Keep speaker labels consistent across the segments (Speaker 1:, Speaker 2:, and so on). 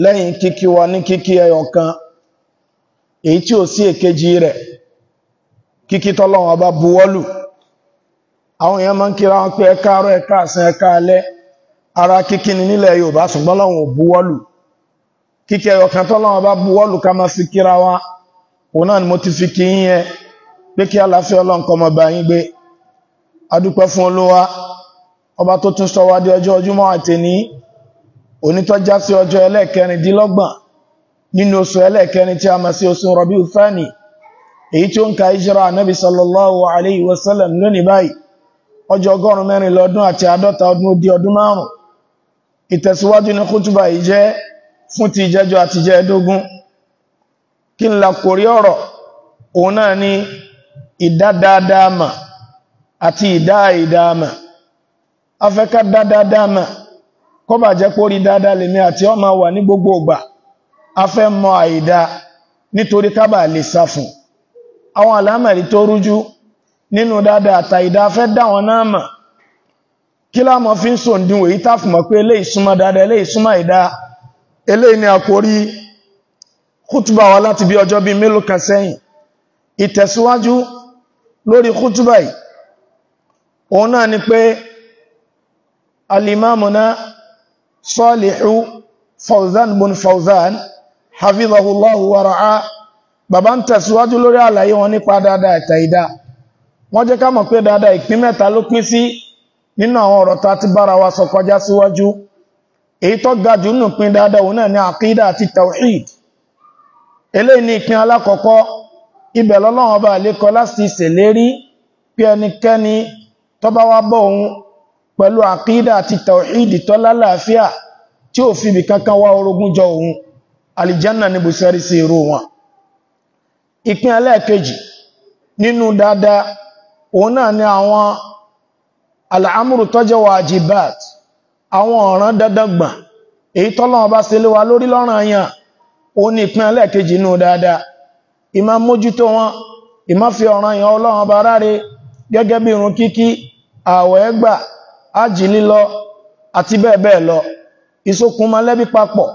Speaker 1: lẹ́yìn kíkí wa ní kíkí ẹyọ kan èyí tí ò sí èkejì rẹ̀ kíkí tọ́lọ́wọ́n bá buwọ́lù àwọn èèyàn máa ń kíra wọn pé ẹka àárọ̀ ẹka àsán ẹka alẹ́ ara kíkí ni nílẹ̀ Yorùbá ṣùgbọ́n lọ́wọ́n ò buwọ́lù kíkí ẹyọ kan tọ́lọ́wọ́n bá buwọ́lù ká máa fi kíra wa òun náà ni mo ti fi kí yín yẹn pé kí aláfẹ́ ọlọ́nkọ́ onítọ́já sí ọjọ́ ẹlẹ́ẹ̀kẹrìndínlọ́gbọ̀n nínú oṣù ẹlẹ́ẹ̀kẹrin tí a mọ̀ sí oṣù rọ̀bí ufani èyí tí ó ń ka ìjírà anábi sallallahu alayhi wa sallam lónìí báyìí ọjọ́ ọgọ́rùn mẹ́rin lọ́dún àti àádọ́ta ọdún ó di ọdún márùn ìtẹ̀síwájú ní kútùbà ìjẹ́ fún ti ìjẹ́jọ́ àti jẹ́ ẹ̀dógún kí n la kò ọ̀rọ̀ òun náà ni ìdádáadáama àti ìdáàìdáama afẹ́ká dádáadáama kó bà jẹ́ pórí dáadáa lèmi àti ọmọ wà ní gbogbo ọgbà a fẹ́ mọ àìdá nítorí kábà lè sá fún àwọn àlámẹ̀rí tó rújú nínú dáadáa àtàìdá fẹ́ dáwọn náà mọ̀ kí láàmọ fi ń sòǹdín èyí táfùmọ̀ pé eléyìí súnmọ́ dáadáa eléyìí súnmọ́ àìdá eléyìí ni àkórí kútùbà wa láti bí ọjọ́ bíi mélòó kan sẹ́yìn ìtẹ̀síwájú lórí kútùbà yìí òun náà ni pé alimamuna Salihu Fauzan bun Fauzan hafizahullahu wa ra'a bàbá ń tẹ̀síwájú lórí àlàyé wọn nípa dáadáa ẹ̀tà wọ́n jẹ́ ká mọ̀ pé dáadáa ìpín mẹ́ta ló pín sí nínú àwọn ọ̀rọ̀ tá ti bára wa sọ kọjá síwájú èyí tó ga jù pín dáadáa òun náà àkídà àti tawhid eléyìí ìpín alákọ̀ọ́kọ́ ibẹ̀ lọ́lọ́run ọba láti ṣèlérí ẹnikẹ́ni tó bá wá òun pẹ̀lú àkídà àti tàwíìdì tó lálàáfíà tí ò fi kankan wá orogún jọ ohun alìjánà ní sí irú wọn ìpín ẹlẹ́ẹ̀kejì nínú dáadáa òun náà ni àwọn alàámùrù tó jẹ́ àwọn ọ̀ràn èyí bá lórí lọ́rùn gẹ́gẹ́ bí irun kíkí ájì lílọ àti bẹ́ẹ̀ bẹ́ẹ̀ lọ ìsokùn mọ̀lẹ́bí papọ̀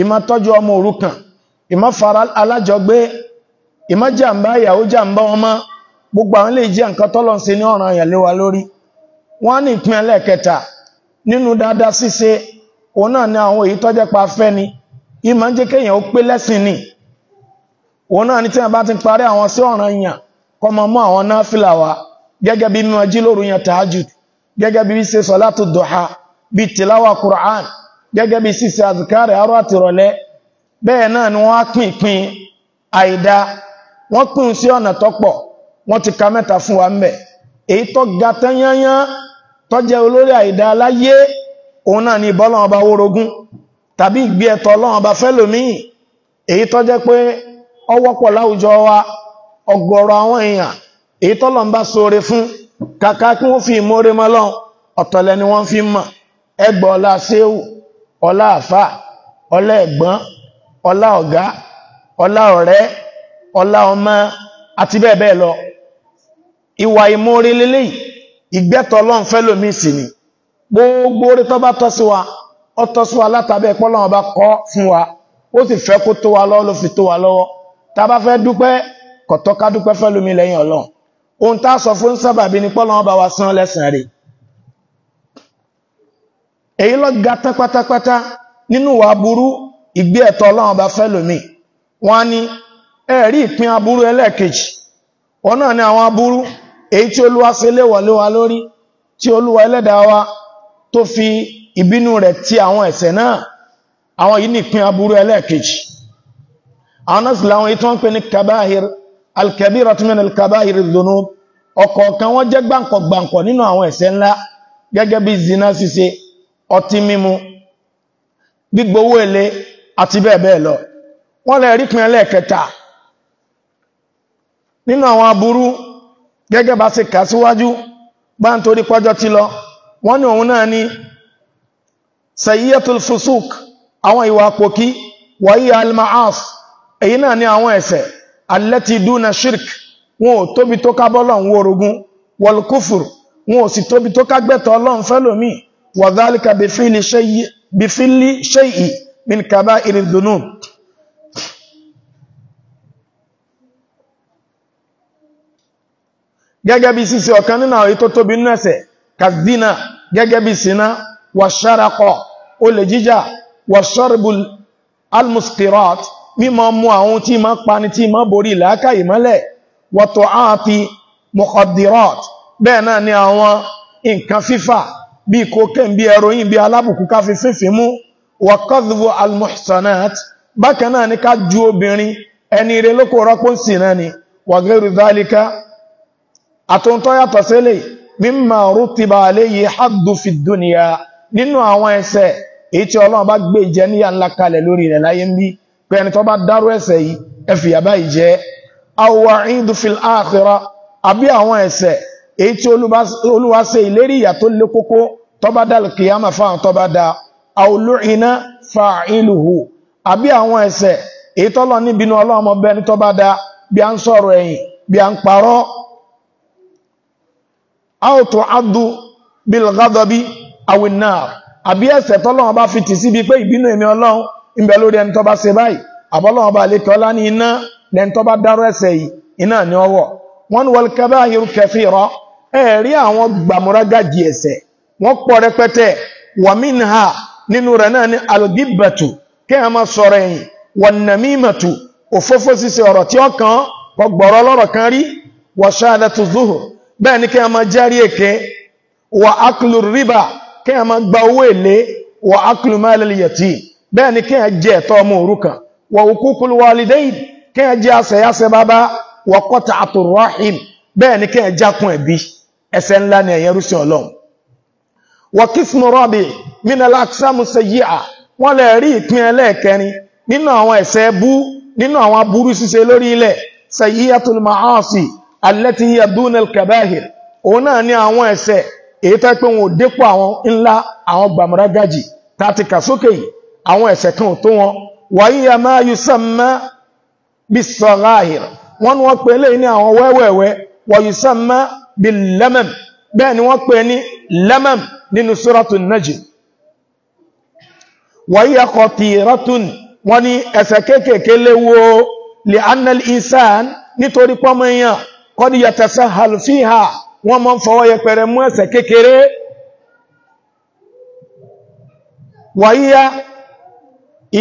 Speaker 1: ìmá tọ́jú ọmọ òrukàn ìmá fara alájọgbé ìmá jàmbá ìyàwó jàmbá ọmọ gbogbo àwọn lè jẹ́ nǹkan tọ́lọ̀ ń ní ọ̀ràn àyàn wa lórí wọ́n ní ìpín ẹlẹ́ẹ̀kẹta nínú dáadáa ṣíṣe òun náà ni àwọn èyí tọ́jẹ́ pa fẹ́ ni ìmá jẹ́ kéèyàn ó pé lẹ́sìn ni òun náà ni tí bá ti parí àwọn sí ọ̀ràn yàn kọ́ mọ́ mọ́ àwọn náà gẹ́gẹ́ bí ṣe dọha dọ̀ha bí tìláwà kùrán gẹ́gẹ́ bí ṣíṣe àzùkárì àárọ̀ àti ìrọ̀lẹ́ bẹ́ẹ̀ náà ni wọ́n á pín àìdá wọ́n pín sí ọ̀nà tọ́pọ̀ ti ka mẹ́ta fún wa mẹ́ èyí tó ga jẹ́ olórí àìdá aláyé òun náà ni ọba tàbí ìgbé ẹ̀tọ́ èyí wa àwọn èèyàn èyí fún kàkà kí wọ́n fi ìmóre mọ́ lọ́n ọ̀tọ̀lẹ̀ ni wọ́n fi mọ̀ ẹgbọ́ ọlá séwù ọlá àfà ọlá ẹ̀gbọ́n ọlá ọ̀gá ọlá ọ̀rẹ́ ọlá ọmọ àti bẹ́ẹ̀ bẹ́ẹ̀ lọ ìwà ìmóre lélẹ́yìí ìgbẹ́tọ̀ ọlọ́run fẹ́ sì ni gbogbo orí tó bá tọ́ sí wa ó tọ́ sí wa látàbẹ́ pọ́lọ́run bá kọ́ fún wa ó sì fẹ́ kó tó wa lọ́wọ́ ló fi tó wa lọ́wọ́ tá a bá fẹ́ dúpẹ́ kọ̀tọ́ká dúpẹ́ fẹ́ lẹ́yìn ọlọ́run ohun tá sọ fún sábàbí ní pọ́lọ́wọ́ bá wa san lẹ́sàn rẹ̀ èyí lọ ga tán pátápátá nínú wà burú ìgbé ẹ̀tọ́ Ọlọ́run bá fẹ́ lómi wọ́n ní ẹ̀rí ìpín aburú ẹlẹ́ẹ̀kejì òun náà ni àwọn aburú èyí tí Olúwa ṣe léèwọ̀ lé wa lórí tí Olúwa ẹlẹ́dàá wa tó fi ìbínú rẹ̀ ti àwọn ẹ̀ṣẹ̀ náà àwọn yìí ní ìpín aburú ẹlẹ́ẹ̀kejì àwọn náà sì làwọn èyí tí wọ́n pè ní kabahir alkabiratu min alkabairi dhunub ọ̀kọ̀ọ̀kan wọ́n jẹ́ gbàǹkọ̀gbàǹkọ̀ nínú àwọn ẹ̀ṣẹ̀ ńlá gẹ́gẹ́ bí zina ṣíṣe ọtí mímu gbígbówó èlé àti bẹ́ẹ̀ bẹ́ẹ̀ lọ wọ́n lè rí pin ẹlẹ́ẹ̀kẹta nínú àwọn aburú gẹ́gẹ́ bá ṣe kà síwájú bá ń torí pọ́jọ́ ti lọ wọ́n ní òun náà ni sayyatul fusuk àwọn ìwà àpòkí wàyí almaas èyí náà ni àwọn ẹ̀ṣẹ̀ alẹ́tì dúnà shirk wọn ò tóbi tó ká bọ́lọ̀ ń worogún wọlkúfùr wọn ò sì tóbi tó ká gbẹ̀tọ̀ ọlọ́run fẹ́lòmí wàdálíkà bífílì ṣéyì min kaba ìrìndùnú gẹ́gẹ́ bí sísẹ ọ̀kan nínú àwọn ètò tóbi nínú ẹ̀ṣẹ̀ kàzínà gẹ́gẹ́ bí síná wàṣárakọ̀ olè jíjà wàṣọ́rìbùl almuskirat mímọ mú àwọn tí ma pani tí ma borí làákà ìmọ́lẹ̀ wọ́tọ̀ áàtì mọ̀kọ̀dìrọ̀t bẹ́ẹ̀ náà ni àwọn nǹkan fífà bí kokéèn bí ẹròyìn bí alábùkù ká fi fífì mú wọ́kọ́dùbù almuhsanat bákan náà ni ká ju obìnrin ẹni ire lóko rọ́pò ń sìn náà ni wàgẹ́rù dálíkà àtúntọ́ yàtọ̀ sílẹ̀ pé ẹni tó bá dárú ẹ̀ṣẹ̀ yìí ẹ fìyà báyìí jẹ àwọ̀ ìdúfil àkhírà àbí àwọn ẹ̀ṣẹ̀ èyí tí olúwa ṣe ìlérí ìyà tó lé kókó tó bá dá kìyàmà fáwọn tó bá dá àwòlú iná fa ìlúhù àbí àwọn ẹ̀ṣẹ̀ èyí tọ́lọ níbinú ọlọ́mọ bẹni tó bá dá bí a ń sọ̀rọ̀ ẹ̀yìn bí a ń parọ́ àwòtò adu bilgadabi àwìnà àbí ẹ̀ṣẹ̀ tọ́lọ́wọ́n bá fi tì síbi pé ìbínú èmi ọlọ́run ìbẹ̀ lórí ẹni tó bá ṣe báyìí àbọ́lọ́wọ́ bá lè kọ́lá ní iná lẹ́ni tó bá dárò ẹ̀ṣẹ̀ yìí iná ni ọwọ́ wọ́n wọl kabahiru kathira ẹ̀rí àwọn gbàmúrágàjì ẹ̀ṣẹ̀ wọ́n pọ̀ rẹpẹtẹ wa minha nínú rẹ̀ náà ni algibatu kí a máa sọ̀rọ̀ ẹ̀yìn wan namimatu òfófó ṣíṣe ọ̀rọ̀ tí ó kàn kọ gbọ̀rọ̀ lọ́rọ̀ kan rí wa shahadatu zuhur bẹ́ẹ̀ ni kí a máa jẹ́rí èké wa aklu riba kí a máa gba owó èlé wa aklu malil yatim bẹ́ẹ̀ ni kí ẹ jẹ ẹ̀tọ́ ọmọ òrukàn wa huququl walidayn kí ẹ jẹ asẹ̀yásẹ̀ bàbá wa qata'atur rahim bẹ́ẹ̀ ni kí ẹ jákun ẹ̀bí ẹ̀ṣẹ̀ ńlá ni ẹ̀yẹ rúṣin ọlọ́run wa qismu rabi minal aqsamu sayyi'a wọ́n lè rí ìpín ẹlẹ́ẹ̀kẹrin nínú àwọn ẹ̀ṣẹ̀ bú nínú àwọn aburú ṣíṣe lórí ilẹ̀ sayyi'atul ma'asi allati hiya dunal kabahir òun náà ni àwọn ẹ̀ṣẹ̀ èyí tẹ́ pé wọn ò dépò àwọn ńlá àwọn gbàmúrágájì tàti kà yìí àwọn ẹ̀ṣẹ̀ kan ò tó wọn wàyíyà máa yù sàmá bí sọ̀ráhìr wọ́n wọ́n pè lè ní àwọn wẹ́wẹ̀wẹ́ wàyù sàmá bí lẹ́mẹ̀m bẹ́ẹ̀ ni wọ́n pè ní lẹ́mẹ̀m nínú sóràtún najm wàyíyà kọ̀tìrọ́tún wọ́n ní ẹ̀ṣẹ̀ kéékèèké léwo lè annal insan nítorí pọ́mọ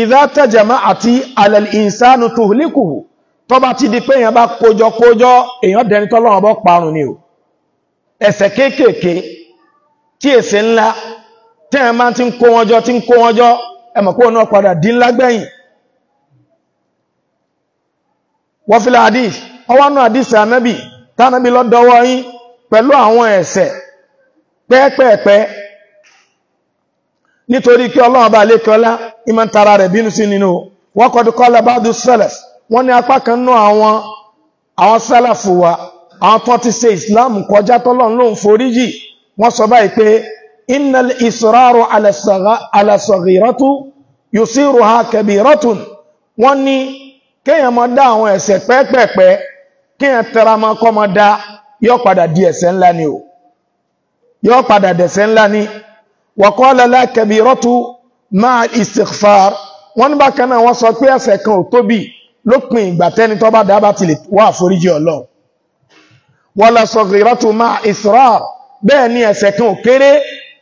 Speaker 1: ìdá tẹ́jẹ̀má àti alẹ́lìsánù tó líkùhù tó bá ti di pé èyàn bá kójọ kójọ èyàn dẹni tọ́lọ́wọ́ bọ́ parun ni o ẹ̀ṣẹ̀ kéékèèké tí èsè ńlá tí èyàn máa ti ń kó wọn jọ ti ń kó wọn jọ ẹmọ̀ kó náà padà dín lágbẹ̀yìn wọ́n fi láàdí ọwọ́ nítorí kí ọlọ́run bá lè kọ́lá ìmọ̀ tara rẹ̀ bínú sí nínú wọ́n kọ́ dúkọ́lá bá dú sẹ́lẹ̀s wọ́n ní apá kan nú àwọn àwọn sẹ́lẹ̀fù wa àwọn tó ti ṣe islam kọjá tọ́lọ́run ló ń forí jì wọ́n sọ báyìí pé innal israru ala saghiratu yusiruha kabiratun wọ́n ní kéèyàn máa dá àwọn ẹ̀ṣẹ̀ pẹ́pẹ̀pẹ́ kéèyàn tẹra máa kọ́ máa dá yóò padà di ẹ̀ṣẹ̀ ńlá ni o yóò padà dẹ̀ṣẹ̀ ńlá ni wàkọ́lẹ̀ lákẹbí rọ́tù máa istighfar wọ́n ní bákan náà wọ́n sọ pé ẹ̀ṣẹ̀ kan ò tóbi lópin ìgbà tẹ́ni tó bá dá bá ti lè wá àforíjì Ọlọ́run wala saghiratu máa israr bẹ́ẹ̀ ni ẹ̀ṣẹ̀ kan ò kéré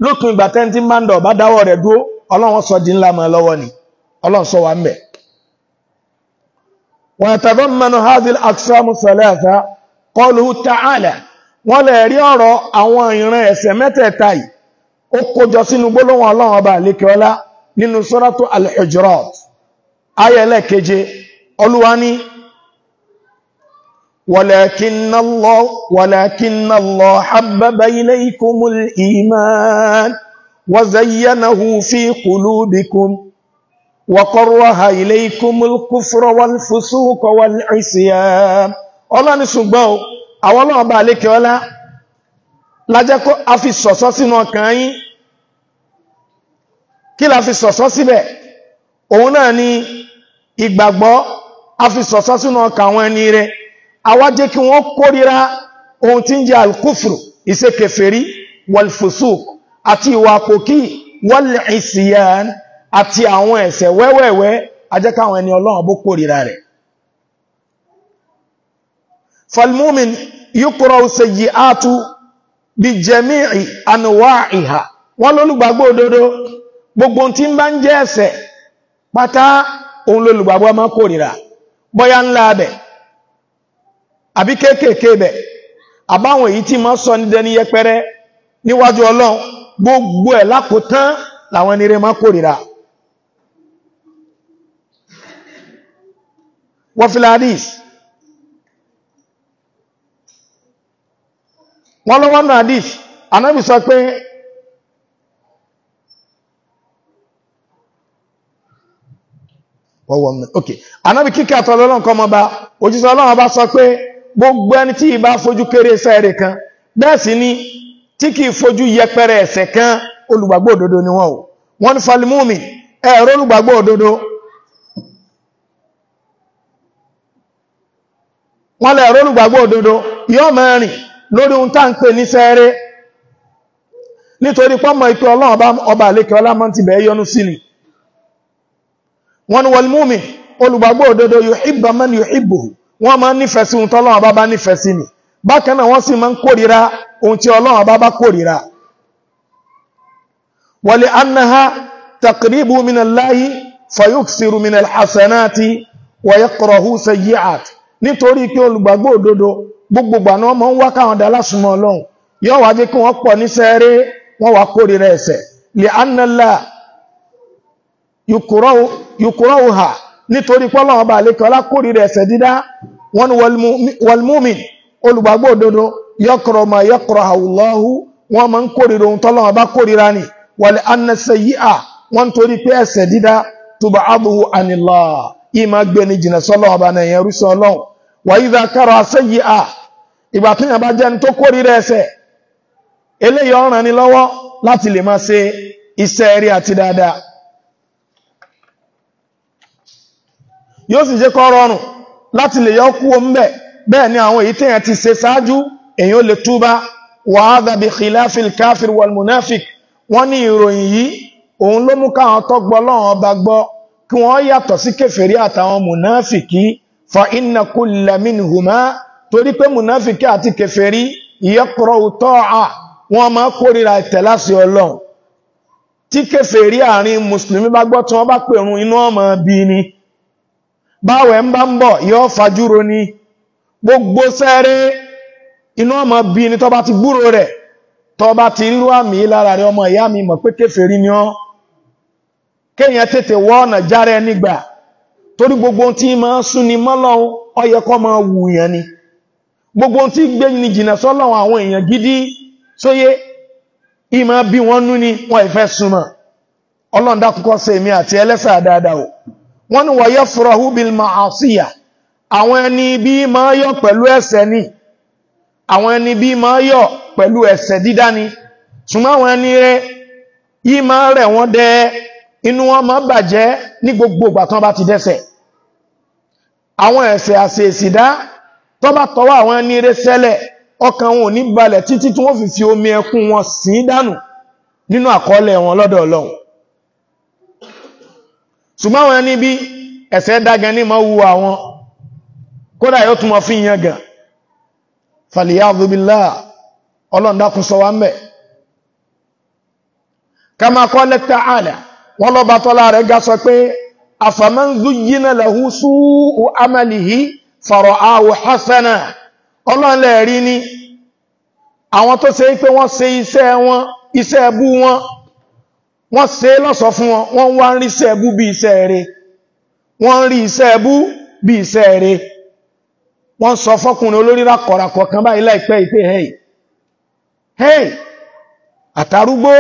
Speaker 1: lópin ìgbà tí máa ń dọ̀ bá dáwọ́ rẹ̀ dúró Ọlọ́run sọ di ńlá mọ́ lọ́wọ́ ni Ọlọ́run sọ wà ń bẹ̀. ó kójọ sínú gbólóhùn olohun ọba ola nínú suratu al-Hujurat ayẹlẹ́ keje olúwa ní walakinna Allah walakinna Allah habbaba ilaykumul iman wa zayyanahu fi qulubikum wa karraha ilaykumul kufra wal fusuqa wal isyan ọlọ́ni ṣùgbọ́n àwọn ọlọ́run ọba ola lájẹ́ kó a fi sọ̀sọ́ sínú ọkàn yín kí la fi sọ̀sọ́ síbẹ̀ òun náà ni ìgbàgbọ́ a fi sọ̀sọ́ sínú ọkàn àwọn ẹni rẹ̀ a wá jẹ́ kí wọ́n kórira ohun tí ń jẹ́ alkufru ìṣekèfèrí wọlfusuk àti ìwà àpòkí wọlìsíyàn àti àwọn ẹ̀ṣẹ̀ wẹ́wẹ́wẹ́ a káwọn ẹni ọlọ́run bó kórira rẹ̀ falmumin yukura sayyi'atu bí anụwa ànúwà ìhà wọ́n lólùgbàgbọ́ òdodo gbogbo tí ń bá ń jẹ́ ẹ̀ṣẹ̀ pátá òun lólùgbàgbọ́ máa kórìíra bọ́yá ńlá bẹ̀ àbí kéékèèké bẹ̀ àbáwọn èyí tí máa sọ ní yẹpẹrẹ níwájú ọlọ́run gbogbo ẹ̀ lákòótán làwọn ẹni máa wọ́n fi wọ́n lọ́wọ́ náà hadith anábì sọ pé ok anábì kíkẹ́ àtọ́lọ́lọ́n kọ́ sọ pé gbogbo ẹni tí ìbá fojú kéré ẹ̀ṣẹ̀ kan bẹ́ẹ̀ sì ni tí kì í fojú yẹpẹrẹ kan olùgbàgbọ́ òdodo ni wọ́n o wọ́n ní falimúmi ẹ̀rọ ododo òdodo wọ́n lẹ̀rọ olùgbàgbọ́ òdodo yọ́ mẹ́rin lórí ohun tá ń pè ní sẹ́ẹ̀rẹ́ nítorí pọ́mọ̀ ìpé ọlọ́run ọba àlékẹ́ ọlámọ́ ti bẹ̀ẹ́ yọnú sí ni wọ́n ni wal mu'min olùgbàgbọ́ òdodo man yuhibbuhu wọ́n máa nífẹ̀ẹ́ sí ohun tí ọlọ́run bá nífẹ̀ẹ́ sí ni bákan náà wọ́n sì máa ń kórìíra ohun tí ọlọ́run ọba bá kórìíra wa li annaha taqribu minallahi fayuksiru nítorí gbogbo àná wọn máa ń wá káwọn dá lásùnmọ́ ọlọ́run yóò wá jẹ́ kí wọ́n pọ̀ ní sẹ́ẹ̀rẹ́ wọ́n wá kórìíra ẹ̀ṣẹ̀ lè ánàlá yùkúrọ̀ ha nítorí pọ́lọ́wọ́n bá lè kọ́lá kórìíra ẹ̀ṣẹ̀ dídá wọn ni wọlmúmin òdodo yọkọ̀rọ̀ mà yọkọ̀rọ̀ àwùlọ́hu wọn máa ń kórìíra ohun tọ́lọ́wọ́n bá kórìíra ni wọlé ánàṣẹ yìí à wọn torí pé ẹ̀ṣẹ̀ dídá tuba abuhu anilá ìmá gbẹni jìnà sọ́lọ́wọ́n bá nà ẹ̀yẹrú sọ́lọ́wọ́n wàyí ìgbà tí yàn bá jẹ́ tó kórìíra ẹ̀ṣẹ̀ eléyìí ó ràn ni lọ́wọ́ láti lè máa ṣe iṣẹ́ rí àti dáadáa yóò sì jẹ́ kó rọrùn láti lè yọ kú oúnbẹ̀ bẹ́ẹ̀ ni àwọn èyí tẹ́yàn ti ṣe ṣáájú èyí ó lè túbá wa hadha bi khilafil káfir wal wọ́n ní ìròyìn yìí òun ló mú káwọn tó lọ́wọ́n ọba gbọ́ kí wọ́n yàtọ̀ sí kèfèrí àtàwọn munafiki fa inna kulla minhuma torí pé mùnáfíkí àti kèfèrí ìyẹ́kọ̀rọ̀ òtọ́ à wọ́n máa kórìíra ìtẹ̀ láti ọlọrun tí kèfèrí àárín mùsùlùmí bá gbọ́ tí wọ́n bá pèrún inú ọmọ bí ni báwẹ̀ ń bá ń bọ̀ yọ́ fajúro ni gbogbo sẹ́rẹ́ inú ọmọ bí ni tó bá ti gbúrò rẹ tó bá ti rírú àmì lára rẹ̀ ọmọ ìyá mi mọ̀ pé kèfèrí ni ọ́ kéèyàn tètè wọ́ ọ̀nà járe nígbà torí gbogbo ohun tí máa ń súnni mọ́lọ́run ó yẹ kó máa wùyàn ni. gbogbo tí gbé ní jìnà sọ́lọ́wọ́ àwọn èèyàn gidi sóyé ìmọ̀ bí wọ́n nú ni wọ́n ìfẹ́ súnmọ̀ ọlọ́ndà kúkọ́ ṣe èmi àti ẹlẹ́sà dáadáa o wọ́n ni wọ́yẹ́ fúrahú bil ma'asiya àwọn ẹni bí máa yọ̀ pẹ̀lú ẹ̀ṣẹ̀ ni àwọn ẹni bí máa yọ̀ pẹ̀lú ẹ̀ṣẹ̀ inú wọn máa bàjẹ́ ní gbogbo ìgbà bá ti dẹ́ṣẹ̀ àwọn ẹ̀ṣẹ̀ àṣèṣìdá tó bá tọwọ́ àwọn ẹni sẹ́lẹ̀ ọkàn wọn ò ní balẹ̀ títí tí wọ́n fi omi ẹkún wọn sí dànù nínú àkọọ́lẹ̀ wọn lọ́dọ̀ Ọlọ́run ṣùgbọ́n àwọn ẹni bí ẹ̀ṣẹ̀ dágan ní wu àwọn kódà yóò tún fi yan gàn Ọlọ́run dákun sọ wá ń bẹ̀ ga sọ pé fọ̀rọ̀ àwò hasana ọlọ́nlẹ̀ rí ní àwọn tó ṣe pé wọ́n ṣe iṣẹ́ wọn iṣẹ́ ẹbú wọn wọ́n ṣe lọ́sọ̀ fún wọn wọ́n wá ń rí iṣẹ́ ẹbú bí iṣẹ́ rere wọ́n ń rí iṣẹ́ ẹbú bí iṣẹ́ rere wọ́n sọ fọ́kùnrin olórí rákọ̀rakọ̀ kan báyìí láìpẹ́ ìpé hey hey àtàrúgbó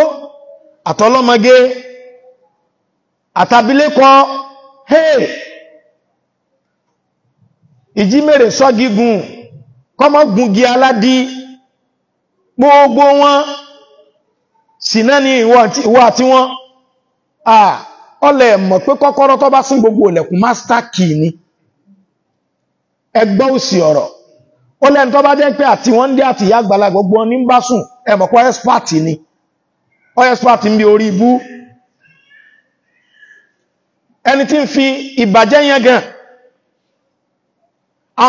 Speaker 1: àtọlọ́mọge àtàbílẹ́kọ hey ìjímèrè sọ́gígun kọmọ́ gungi aládí gbogbo wọn sínà ní ìwọ àti wọn à ọlẹ̀ mọ̀ pé kọ́kọ́rọ́ tó bá sún gbogbo ilẹ̀kùn master key ni ẹgbọ́ òsì ọ̀rọ̀ ó lẹ́n tó bá jẹ́ pé àti wọ́n dé àti ìyá àgbàlá gbogbo ní bá sùn ẹmọ̀pọ̀ expert ni ọ expert ń bí orí ibú ẹni tí ń fi ìbàjẹ́ yẹn gan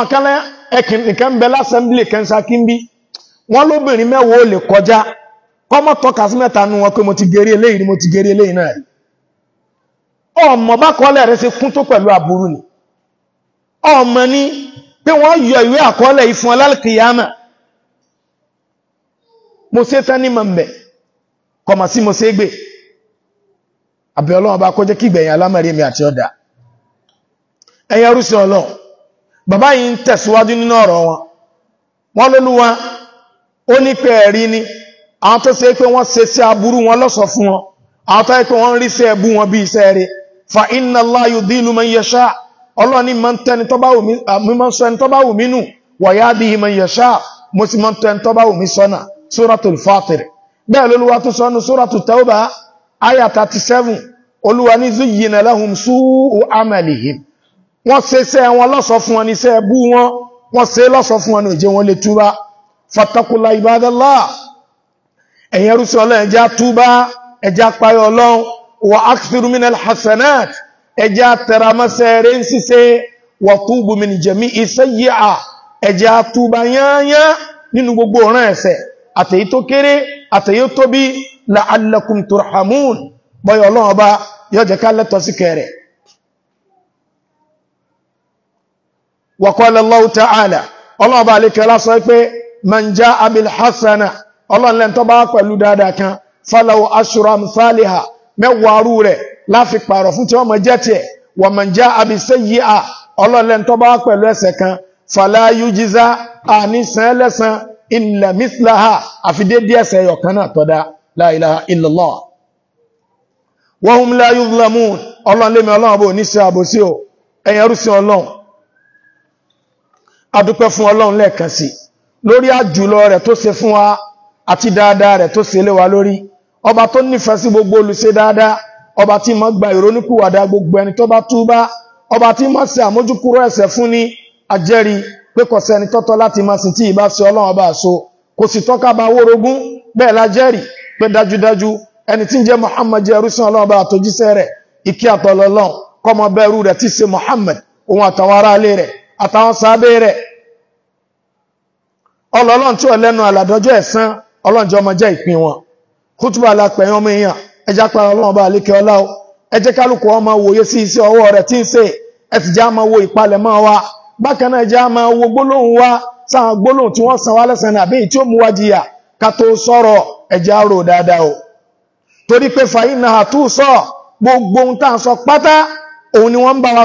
Speaker 1: akala kan lẹ́ ẹkìn nǹkan ń bẹ lásẹ̀mílì kan Ṣakíńbí wọ́n lóbìnrin mẹ́wàá ò lè kọjá kọ́mọ́ tọ́ka sí mẹ́ta nu wọn pé mo ti gèrè eléyìí ni mo ti gèrè eléyìí náà ọmọ bá kọ́lẹ̀ ṣe kún tó pẹ̀lú aburú ni ọmọ ni pé wọn yọ ìwé àkọọ́lẹ̀ ìfún ọlálùkìyàmà mo ṣe bàbá yìí ń tẹ̀síwájú nínú ọ̀rọ̀ wọn wọ́n lólúwa ó ní pé ẹ̀rí ni àwọn tó ṣe pé wọ́n ṣe sí aburú wọn lọ́sọ̀ fún wọn àwọn tó ṣe pé wọ́n rí sí ẹbú wọn bí iṣẹ́ rẹ̀ fa inna Allah yudillu man yasha ọlọ́run ní ń tẹni tó wù mí nù wa yahdihi man yasha mo sì máa ń tẹni tó wù mí sọ́nà suratul Fatir bẹ́ẹ̀ lólúwa tó sọ́nu suratul Tawbah ayah 37 olúwa ní zuyyina lahum su'u amalihim wọ́n ṣe iṣẹ́ wọn lọ́sọ̀ fún wọn níṣẹ́ bú wọn wọ́n ṣe lọ́sọ̀ fún wọn ìjẹ wọn lè túbá fatakula ibadallah ẹ̀yẹn rúṣẹ́ ọlọ́run ẹjá túbá ẹjá payọ̀ ọlọ́run wa akthiru hasanat ẹjá tẹramọ́sẹ̀ rẹ̀ ń ṣiṣẹ́ wa tubu min jami'i sayyi'a ẹjá túbá yányá nínú gbogbo ọ̀ràn ẹ̀ṣẹ̀ àtẹ̀yí tó kéré àtẹ̀yí tóbi la'allakum turhamun bọ́yọ̀ ọlọ́run ọba yóò ká lẹ́tọ̀ọ́ sí kẹrẹ̀ẹ́ وقال الله تعالى الله بالك لا سيكون من جاء بالحسنة الله لن تباك ولدادك فلو أشر أمثالها مواروره لا في بارفوت وما جاتي ومن جاء بالسيئة الله لن تباك ولسك فلا يجزى أني سالسا إلا مثلها أفيد دي سيوكنا تدا لا إله إلا الله وهم لا يظلمون الله لم يظلمون نسي أبو سيو أن يرسي الله adúpẹ́ fún ọlọ́run lẹ́ẹ̀kan sí lórí àjùlọ rẹ̀ tó ṣe fún wa àti dáadáa rẹ̀ tó ṣe lé wa lórí ọba tó nífẹ̀ẹ́ sí gbogbo olùṣe dáadáa ọba tí mọ́ gba ìrónúkúwàdà gbogbo ẹni tó bá túbá ọba tí mọ́ ṣe àmójúkúrò ẹ̀ṣẹ̀ fún ni àjẹ́rìí pé kò sẹ́ni tọ́tọ́ láti máa sìn tí ìbá ṣe ọlọ́run ọba àṣọ kò sì tọ́ka bá wórogún bẹ́ẹ̀ la pé dájúdájú ẹni tí ń jẹ́ Muhammad jẹ́ ẹrúsìn ọlọ́run ọba àtòjíṣẹ́ rẹ̀ ìkí àtọ̀lọ́lọ́run kọ́mọ bẹ́ẹ̀rù rẹ̀ tí ṣe Muhammad òun àtàwọn aráalé rẹ̀ àtàwọn sábẹ́ rẹ̀ ọlọ́lọ́n tí ó lẹ́nu àlàdọ́jọ́ ẹ̀san ọlọ́njọ́ ọmọ jẹ́ ìpín wọn kútùbà alápẹ̀yàn ọmọ èèyàn ẹjá para ọlọ́run bá lékẹ́ ọlá o ẹjẹ́ kálukú ọmọ wòye sí iṣẹ́ ọwọ́ rẹ̀ tí ń ṣe ẹsì já máa wo ìpalẹ̀mọ́ wa bákan náà ẹjá máa wo gbólóhùn wa sáwọn gbólóhùn tí wọn san wa lẹ́sàn-án àbí tí ó mú jìyà ká tó rò dáadáa o torí gbogbo ohun tá ni wọn ń bá wa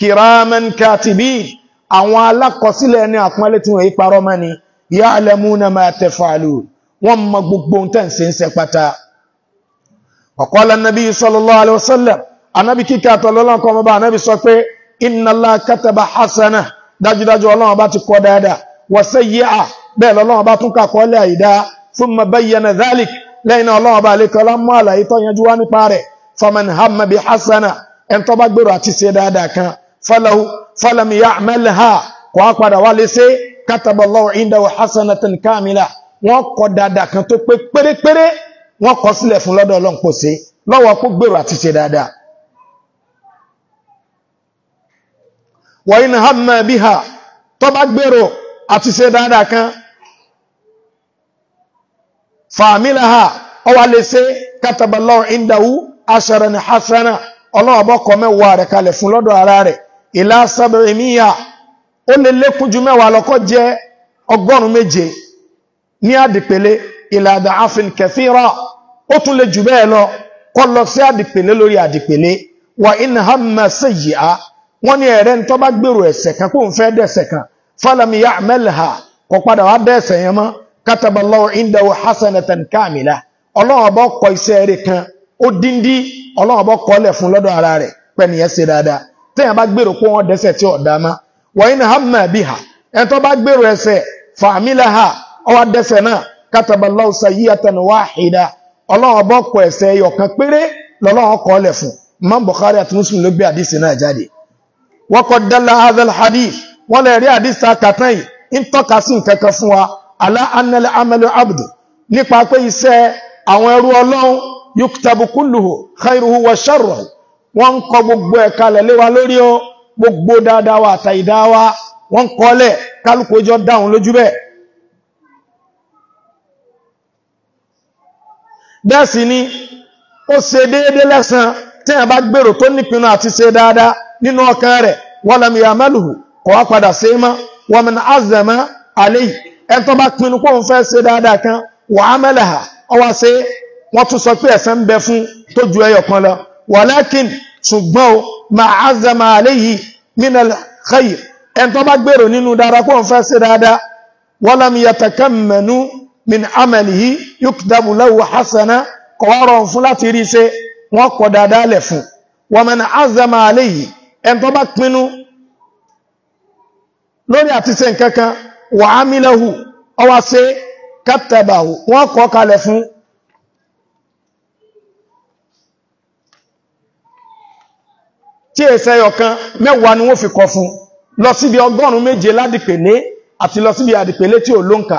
Speaker 1: kìrámẹ́n kàtìbí àwọn alákọsílẹ̀ ní àpọ́nlé tí wọ́n yí parọ́ mọ́ ni yá alẹ́múnà máa tẹfàálù wọ́n mọ gbogbo tẹ́ ń ṣe ń ṣe pátá ọ̀kọ́lá nàbí sallallahu alaihi wasallam anábì kíkà tọ́lọ́lọ́ kan bá anábì sọ pé inna Allah kataba hasana dájúdájú ọlọ́run bá ti kọ dáadáa wa sayyi'a bẹ́ẹ̀ lọ́lọ́run bá tún kàkọ́lẹ̀ àìdá thumma bayyana dhalik lẹ́yìn náà ọlọ́run bá lẹ́kọ̀ọ́ lámú àlàyé tó yanjú nípa rẹ̀ faman hamma bi hasana ẹ̀ńtọ́ bá gbèrò àti ṣe dáadáa kan falahu falam ya'malha kò á padà wá lè ṣe kataballahu indahu hasanatan kamila wọ́n kọ dáadáa kan tó pé pérépéré wọ́n kọ sílẹ̀ fún lọ́dọ̀ Ọlọ́run kò ṣe lọ́wọ́ kó gbèrò àti ṣe dáadáa wa in hamma biha tó bá gbèrò àti ṣe dáadáa kan fàmílàhà ọwà lè ṣe kataballahu indahu asharan hasana ọlọ́wọ́ bọ́ kọ mẹ́wàá rẹ̀ kalẹ̀ fún lọ́dọ̀ ara rẹ̀ ìlà sábẹ̀rẹ̀míyà ó lè lékún ju mẹ́wàá lọ́kọ́ jẹ́ ọgọ́rùn méje ní àdìpele ìlà àdáhàfin kẹfíra ó tún lè jù bẹ́ẹ̀ lọ kọ́ lọ sí àdìpele lórí àdìpele wà inhamma sayyi'a wọ́n ní ẹ̀rẹ́ ń tó bá gbèrò ẹ̀ṣẹ̀ kan kó ń fẹ́ dẹ̀ṣẹ̀ kan falam ya'malha kò padà wá dẹ̀ṣẹ̀ yẹn mọ́ kataballahu indahu hasanatan kamila ọlọ́run ọba kọ iṣẹ́ rẹ̀ kan ó díndín ọlọ́run ọba kọ́ lẹ̀ fún lọ́dọ̀ ara rẹ̀ pẹ̀lú yẹn ṣe dáadáa tẹ́yàn bá gbèrò pé wọ́n dẹ́sẹ̀ tí ọ̀dá má wọ́n hamma biha ẹni tó bá gbèrò ẹsẹ̀ fa'amilaha ọwá dẹ́sẹ̀ náà kataballahu sayyatan wahida ọlọ́wọ́ bọ́ kọ ẹsẹ̀ ẹyọkan péré lọ́lọ́wọ́ kọ́ lẹ̀ fún Imam Bukhari àti Muslim ló gbé àdìsí náà jáde wa qad dalla hadha al-hadith wọ́n lè rí àdìsí àkàtàn yìí ń tọ́ka sí nǹkan fún wa ala anna amalu abdu nípa pé iṣẹ́ àwọn ẹrú Ọlọ́run yuktabu kulluhu khairuhu wa sharruhu wọn kọ gbogbo ẹ̀ka lẹ̀léwa lórí dáadáa wa àtàìdáa wa wọ́n ń kọ́lẹ̀ jọ dáhùn lójú bẹ́ẹ̀ bẹ́ẹ̀ sì ni ó ṣe déédé lẹsan tí a bá gbèrò tó nípinnu àti ṣe dáadáa nínú ọkàn rẹ̀ walam ya'maluhu kò wá padà ṣe ẹni tó bá pinnu òun ṣe wa wá ṣe tún sọ pé ju ẹyọ kan ولكن ṣùgbọ́n máa azama aléyìí minal khayr ẹn tó bá gbèrò nínú dára kó ń fẹ́ sí dáadáa walam yatakammanu min amalihi yukdamu lahu hasana kọ̀wárọ̀ fún láti rí ṣe wọ́n kọ̀ dáadáa lẹ̀ fún waman azama aléyìí ẹn tó bá pinnu lórí àti ṣe nǹkan kan wàhámilahu ọwá ṣe kátàbàwò wọ́n kọ̀ kalẹ̀ fún tí èsẹ ọ̀kan mẹ́wàá ni wọ́n fi kọ fún lọ síbi ọgọ́rùn-ún méje ládìpèlé àti lọ síbi àdìpèlé tí ò lóǹkà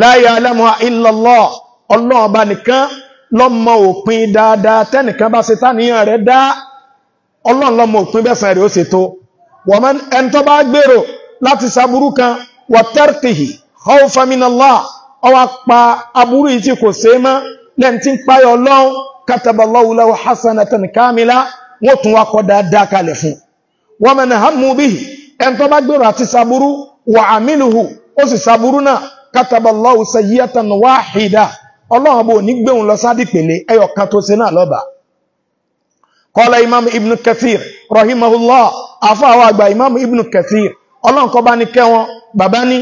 Speaker 1: la ya'lamuha illa Allah ọlọ́run ọba nìkan lọ́mọ òpin dáadáa tẹ́nìkan bá ṣe táníyàn rẹ̀ dá ọlọ́run lọ́mọ òpin bẹ́sàn rẹ̀ ó ṣètò wọ́n ẹni tó bá gbèrò láti sàbúrú kan wọ́tẹ́rìtìhì khawfan min Allah ọwá pa aburú yìí tí kò ṣe mọ́ lẹ́ni tí ń páyọ̀ ọlọ́run kataballahu lahu hasanatan kamila wọ́n tún wá kọ dáadáa kalẹ̀ fún wọ́n mẹ́ni hàmú bí ẹn tó bá gbèrò àti sàbúrú wà àmìlùhù ó sì sàbúrú náà kataballahu sayyatan wahida ọlọ́run bò ní gbéhùn lọ sádì pèlè ẹyọ kan tó ṣe náà lọ́ba kọ́lá imam ibn kathir rahimahullah afáwọ́ àgbà imam ibn kathir ọlọ́run kọ́ bá ní kẹ́wọn bàbá ní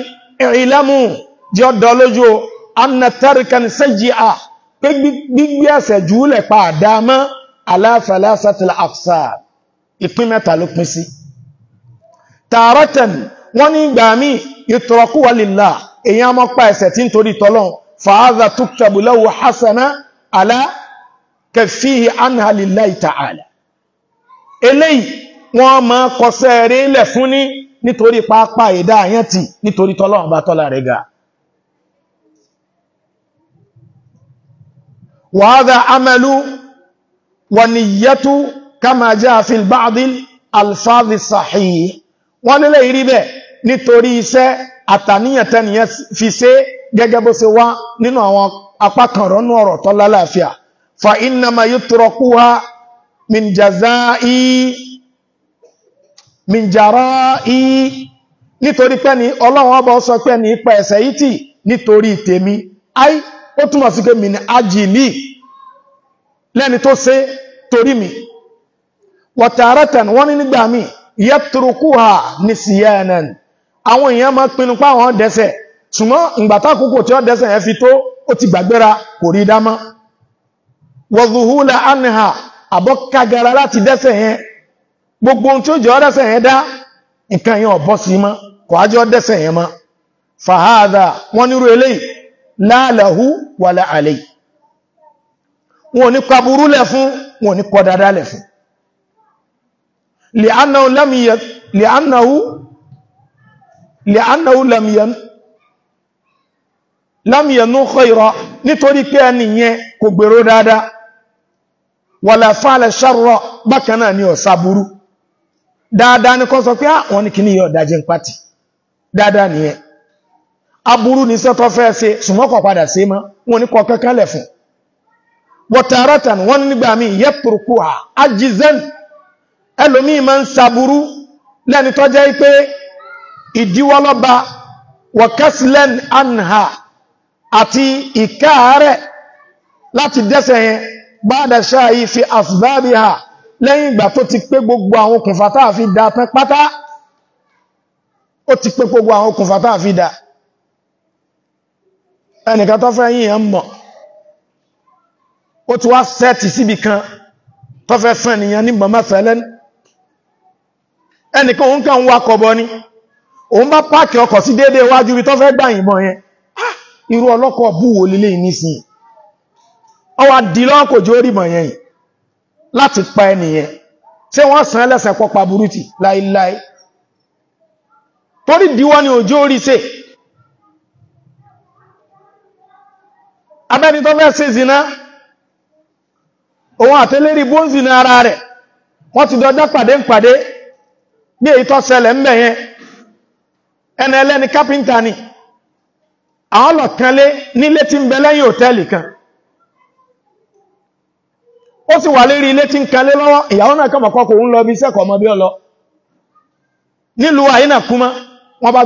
Speaker 1: ìlẹ́mù jẹ́ ọ̀dọ́ lójú anna tarikan sayyi'a pé gbígbé ẹ̀ṣẹ̀ jùúlẹ̀ pa àdámọ́ aláfàlá sátìlá àkṣà ìpín mẹ́ta ló pín sí tààrọ́tẹ̀n wọ́n ní ìgbà míì ìtọ̀rọ̀kú wà lìlá èyí a mọ́ pa ẹ̀sẹ̀ tí ń torí tọ́lọ́n fàáza tuktabuláwò hasana alá kẹfíhì anhalilá ìtààlà eléyìí wọ́n máa kọsẹ̀ rẹ̀ lẹ̀ fún ní nítorí pápá ìdá àyẹ́ntì nítorí tọ́lọ́n bá tọ́lá rẹ̀ ga wàáza amẹ́lú wàníyẹ́tú kama jẹ́ àfil báadìl alfáàdì sàhíì wọ́n nílé ìrí bẹ̀ nítorí iṣẹ́ àtàníyàn tẹ́niyàn fi ṣe gẹ́gẹ́ bó ṣe wá nínú àwọn apá kan rọ́nú ọ̀rọ̀ tó lálàáfíà fa innama yutrakuha min jazai min jarai nítorí pẹ́ni ọlọ́run ọba sọ pẹ́ni ipa ẹ̀sẹ̀ yìí tì nítorí tèmi ó túmọ̀ sí pé min ajili lẹ́ni tó ṣe torí mi wọ̀tàrátàn wọ́n ní nígbà mi yẹ́tùrùkúhà ní cnn àwọn èèyàn ma pinnu pa àwọn dẹ́ṣẹ̀ ṣùgbọ́n ìgbàtàkùkù tí ó yẹn fi tó ó ti gbàgbéra kò rí dámá wọ̀zùhúlà anìhà àbọ́kagara láti dẹ́ṣẹ̀ yẹn gbogbo ohun tí ó jẹ́ ọdẹ́ṣẹ̀ yẹn dá nǹkan yẹn ọ̀bọ́ sí mọ́ kò á jẹ́ yẹn mọ́ fàhádà wọ́n nírú eléyìí láàlàhú wàlà àlèyìí wọn ò ní kọ aburú lẹ̀ fún wọn ò ní kọ dáadáa lẹ̀ fún lẹ́annáwó lámìyànú khaira nítorí pé ẹni yẹn kò gbèrò dáadáa wàlá fàálẹ̀ ṣàrọ̀ bákanáà ni ọ̀sá burú dáadáa ní kọ́ sọ pé àwọn ah, ní kì ní yọ dájẹ́ ń pàtì dáadáa nìyẹn aburú ní sẹ́tọ́ fẹ́ ṣe sùmọ́kọ̀ padà sí mọ́ wọn ní kọ kankan lẹ̀ fún wọ̀tàrátàn wọ́n nígbà mí yẹ́pùrùkú à ajizẹ́n ẹlòmí ma ń sàbúrú lẹ́ni tó jẹ́ pé ìdíwọ́lọ́ba wọ̀kẹ́sìlẹ́n anha àti ìkáàárẹ̀ láti dẹ́sẹ̀ yẹn gbádàṣá yìí fi àsìbáàbí ha lẹ́yìn ìgbà tó ti pé gbogbo àwọn okùnfà a fi da pẹ́ pátá ó ti pé gbogbo àwọn okùnfà a fi da ẹnìkan tó fẹ́ yìí ẹ̀ mọ̀ ó ti wá sẹ́ẹ̀tì síbi kan tó fẹ́ fẹ́ nìyàn ní mọ̀mọ́ fẹ́lẹ́ ẹnìkan òun kàn wá kọbọ ni òun bá páàkì ọkọ̀ sí déédéé wájú ibi tó fẹ́ gbà yìnbọn yẹn ah, irú ọlọ́kọ̀ búwo lélẹ̀ nísìn ọwà dìlọ́ kò jó rí mọ̀ yẹn láti pa ẹnìyẹn tí wọ́n sàn lẹ́sẹ̀ pọpa burúti láíláí torí díwọ́ ni òjò orí se, abẹ́ni tó fẹ́ ṣe zina òun ateleri bóńsì ní ara rẹ̀ wọ́n ti dọjọ́ pàdé ń pàdé èyí tó ṣẹlẹ̀ ńbẹ̀ yẹn ẹni ẹlẹ́ni kápíntà ni àwọn lọ̀kanlé nílé tí ń bẹ lẹ́yìn òtẹ́ẹ̀lì kan ó sì wà lérí ilé tí ń kanlé lọ́wọ́ ìyàwó náà kọ̀mọ̀kọ́ kò ń lọ bí ọmọ bí ọlọ nílùú àyínà kúmọ́ wọ́n bá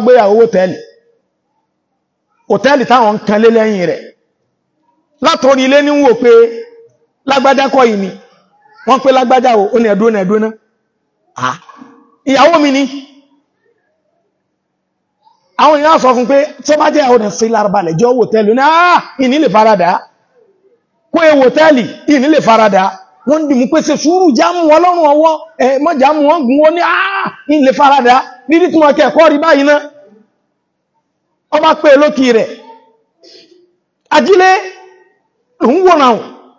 Speaker 1: òtẹ́ẹ̀lì òtẹ́ẹ̀lì táwọn ń kanlé lẹ́yìn rẹ̀ látòrí ilé pé lágbájá kọ́ yìí ni wọ́n pe lágbájá o ó ní ẹ̀dúró ní ẹ̀dúró náà ìyàwó mi ni àwọn èèyàn sọ fún pé tó bá jẹ́ àwọn ẹ̀sìn jọ ní ìní lè farada kó e wòtẹ́lì ìní lè farada wọ́n dì mú pé sùúrù jámù ọlọ́run ọwọ́ ẹ̀ mọ́ jámù wọ́n gùn ó ní ìní lè farada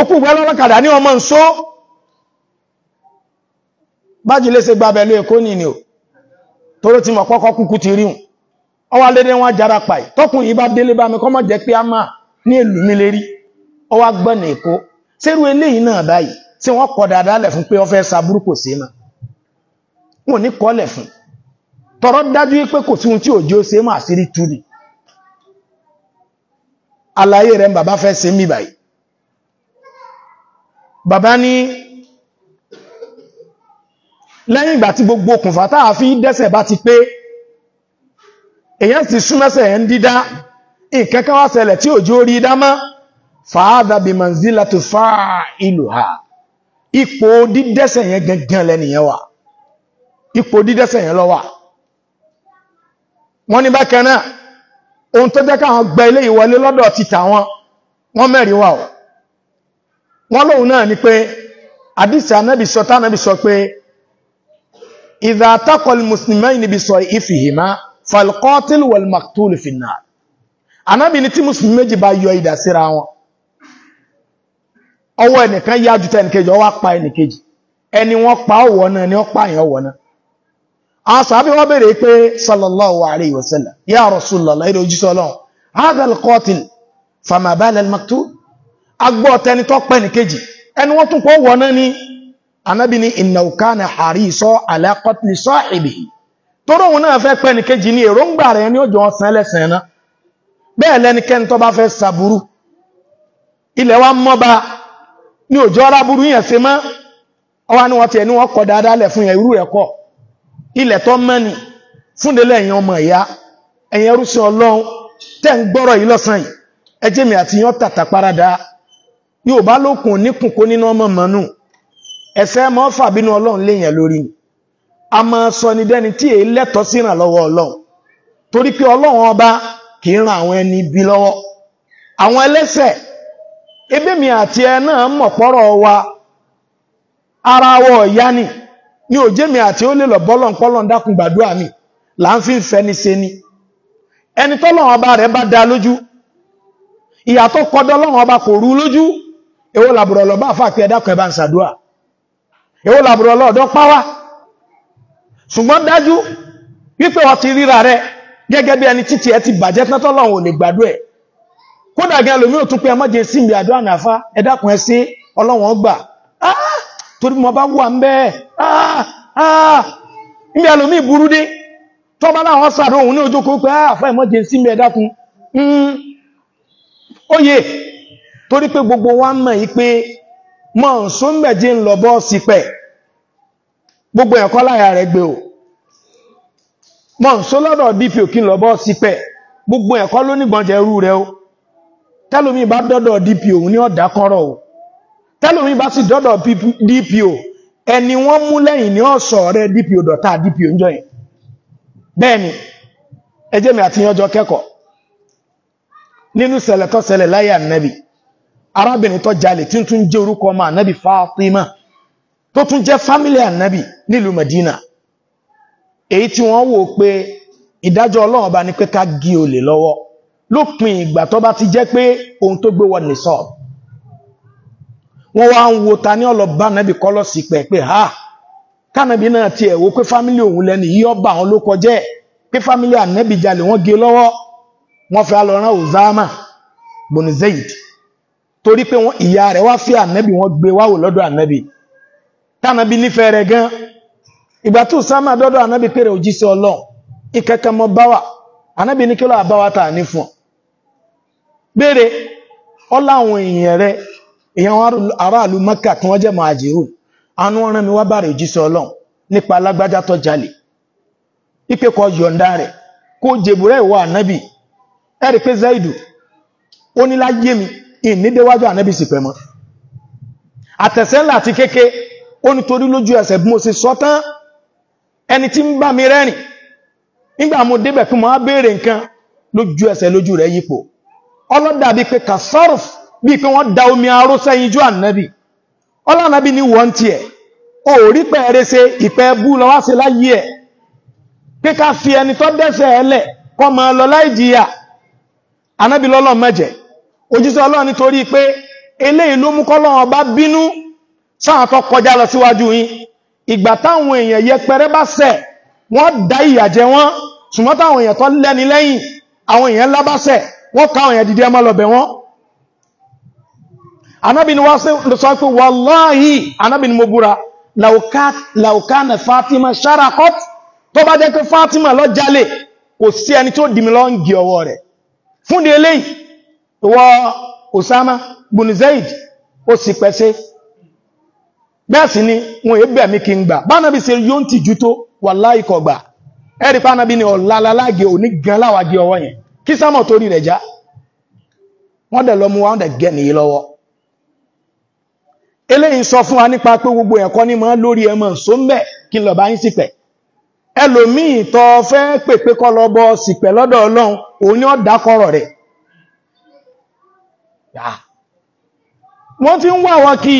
Speaker 1: òkú ìgbẹ́ ní ọmọ ǹsó bájí lè ṣe gba ló èkó ní ni ò tóró ti mọ̀ kọ́kọ́ kúkú ti ríun ọwá lédé wọn jára pàì tọ́kùn yìí bá délé bá kọ́ mọ́ jẹ́ pé a má ní ìlú mi lérí ọwá gbọ́nà èkó sẹ́rù eléyìí náà báyìí tí wọ́n kọ́ dáadáa lẹ̀ fún pé fẹ́ sa burúkú sí ma wọn ní fún tọ̀rọ̀ dájú pé kò sí ohun tí òjò rẹ̀ bàbá fẹ́ mí báyìí bàbá ní lẹ́yìn ìgbà tí gbogbo okùnfà táà fi dẹ́sẹ̀ bá ti pé èyàn ti súnmẹ́sẹ̀ ẹ̀ ń dídá ìkẹ́kẹ́ wá ṣẹlẹ̀ tí òjò rí dámá fàádà bí manzila tó fà ìlú ha ipò dídẹ́sẹ̀ yẹn gangan lẹ́nìyàn wà ipò dídẹ́sẹ̀ yẹn ló wà wọ́n ní bákan náà ohun tó jẹ́ káwọn gba ilé ìwọlé lọ́dọ̀ ti tàwọn wọ́n mẹ́rin wà ó wọ́n lóhun náà ni pé àdísì anábì sọ tánàbì sọ pé idha taqal muslimayni bi sayfihima falqatil wal maqtul finnar anábì ni tí mùsùlùmí méjì bá yọ idà síra wọn ọwọ́ ẹnìkan yá jù tẹnìkejì ọwọ́ pa ẹnìkejì ẹni wọ́n pa ọwọ́ náà ni ó pa àyàn ọwọ́ náà àwọn sàábí wọ́n bèèrè pé sallallahu alayhi wa sallam ya rasulallah ìròjísọ́ ọlọ́run hadha alqatil fama bala almaqtul agbọ́ ọ̀tẹni tó pẹ́ nìkejì ẹni wọ́n tún kọ́ wọ̀ náà ni anábì ni innahu ala qatli sahibihi tóró òun náà fẹ́ pẹ́ nìkejì ni èròǹgbà rẹ̀ ní ọjọ́ ọ̀sán ẹlẹ́sìn náà bẹ́ẹ̀ lẹ́nikẹ́ni tó bá fẹ́ sàbúrú ilẹ̀ wa mọ́ba ní òjò aráburú yẹn ṣe mọ́ ọwá ní wọ́n tiẹ̀ ní wọ́n kọ̀ dáadáa lẹ̀ fún yẹn irú rẹ̀ kọ̀ ilẹ̀ ọmọ ìyá parada yóò bá lókun níkùn kó nínú ọmọ mọ́nú ẹ̀sẹ̀ mọ́ fàbínú ọlọ́run léèyàn lórí a máa sọ ni dẹni tí èyí lẹ́tọ̀ọ́ sí ọlọ́run torí pé ọlọ́run ọba kì ran àwọn ẹni bi lọ́wọ́ àwọn ẹlẹ́sẹ̀ ebémi àti ẹ náà wa ara wọ ni òjèmi àti dákun gbàdúrà mi ni ẹni ọba èwo làbùrọ̀ lọ bá fà pé ẹ̀dàkọ̀ ẹ̀bá ń sàdúà èwo làbùrọ̀ lọ ọ̀dọ́ páwá ṣùgbọ́n dájú wípé wọ́n ti ríra rẹ gẹ́gẹ́ bí ẹni títí ẹ ti bàjẹ́ tán tọ́lọ́run ò lè gbàdú ẹ̀ kódà gan lómi ò tún pé ẹmọ́jẹ sí mi àdúrà nàfá ẹ̀dàkùn ẹ sí ọlọ́wọ́n gbà ah, torí mo bá wà ń bẹ́ẹ̀ ah, ah. ní ẹlòmí burú dé tó bá láwọn sàrò òun ní ojú kó pé àfá torí pé gbogbo wa mọ̀ yí pé mọ̀ ń só ń ń lọ bọ́ọ̀sì pẹ̀ gbogbo ẹ̀kọ́ láyà rẹ̀ gbé o mọ̀ ń só lọ́dọ̀ dp kí lọ bọ́ọ̀sì pẹ̀ gbogbo ẹ̀kọ́ ló nígbọ̀njẹ̀ rẹ̀ o tẹ́lómi bá dọ́dọ̀ dp o tẹ́lómi bá sì dọ́dọ̀ dp o ẹni wọ́n mú lẹ́yìn ní ọ̀sọ̀ dp o dọ̀tà dp o ń bẹ́ẹ̀ ni arábìnrin tó jalè tí tún jẹ́ orúkọ ọmọ ànábì Fatima tó tún jẹ́ fámílì ànábì nílùú Medina èyí tí wọ́n wò pé ìdájọ́ Ọlọ́run bá ní pé ká gé olè lọ́wọ́ lópin ìgbà tó bá ti jẹ́ pé ohun tó gbé wọn ní sọ wọ́n wá ń wo ta ní ọlọ bá ànábì kọ́ lọ sí pẹ̀ pé ha kánàbí náà ti ẹ̀wò pé fámílì òun lẹ́ni yíò bá àwọn ló kọjẹ́ pé fámílì ànábì jalè wọ́n gé lọ́wọ́ wọ́n fẹ́ lọ rán Uzama Bonzaid torí pé ìyá rẹ̀ wá fẹ́ ànábì wọ́n gbé wáwò lọ́dọ̀ ànábì tánàbí nífẹ̀ẹ́ rẹ̀ gan ìgbà tó sáàmà dọ́dọ̀ ànábì pé rẹ̀ òjíṣẹ́ ọlọ́run ìkẹ́kẹ́mọ báwà ànábì ní kí lọ́ àbáwá tà ní fún ọ béèrè ọlá àwọn èèyàn rẹ̀ èèyàn aráàlú mẹ́kà tí wọ́n jẹ́ màájírù àwọn ọ̀ràn mi wá bá rẹ̀ òjíṣẹ́ ọlọ́run nípa alágbájá tó jalè ipe kọ yọ̀ǹda rẹ̀ kó jèbúrẹ́ ìwọ ànábì ẹ̀rí pé zaidu ó ní láyé mi ìnídéwájú ànábì sì pẹ̀ mọ́ àtẹ̀sẹ̀ ńlá àti kéke ó nítorí lójú ẹsẹ̀ bí mo ṣe sọ tán ẹni tí ń bá mi rẹ́rìn nígbà mo débẹ̀ fún mo á béèrè nǹkan lójú ẹsẹ̀ lójú rẹ̀ yípo ọlọ́dà bíi pé kasaruf bíi pé wọ́n da omi aró sẹ́yìn ju ànábì ọlọ́nàbí ni wọ́n tiẹ̀ òórí pẹ̀ẹ́rẹ́ ṣe ìpẹ́ bú lọ́wọ́ sí láyé ẹ̀ pé ká fi ẹni tó dẹ́sẹ̀ ẹlẹ̀ kọ́ máa lọ láì jìyà ànábì lọ́lọ́ mẹ́jẹ̀ẹ́ òjíṣẹ́ ọlọ́run nítorí pé eléyìí ló mú kọ́lọ́run bá bínú sáwọn tó kọjá lọ síwájú yín ìgbà táwọn èèyàn yẹpẹrẹ bá ṣẹ̀ wọ́n dá ìyà jẹ wọ́n ṣùgbọ́n táwọn èèyàn tó lẹ́ni lẹ́yìn àwọn èèyàn ńlá bá ṣẹ̀ wọ́n ká àwọn èèyàn dìde ẹmọ Fatima sharakot tó bá Fatima lọ jalè kò sí ẹni tó dìmí lọ ń gé ọwọ́ rẹ̀ fún di eléyìí wọ Osama bin Zaid ó sì pẹ́sẹ́ bẹ́ẹ̀ sì ni wọn èé bẹ̀mí kí n gbà bánabi ṣe yóò ti jú tó wà láìkọ̀ gbà ẹ̀rí pánabi ni ọ̀làlálágé òní gan láwàgé ọwọ́ yẹn kí sámọ̀ torí rẹ̀ já wọ́n dẹ̀ lọ mú wọn dẹ̀ gẹ̀ nìyí lọ́wọ́ eléyìí sọ fún wa nípa pé gbogbo ẹ̀kọ́ ní mọ́ lórí ẹmọ sóńbẹ̀ kí lọ bá yín sípẹ̀ ẹlòmíì tó fẹ́ pèpé kọ́ lọ bọ́ sípẹ̀ lọ́dọ̀ Ọlọ́run òun ni ó rẹ̀ wọ́n ti ń wà wọ́n kí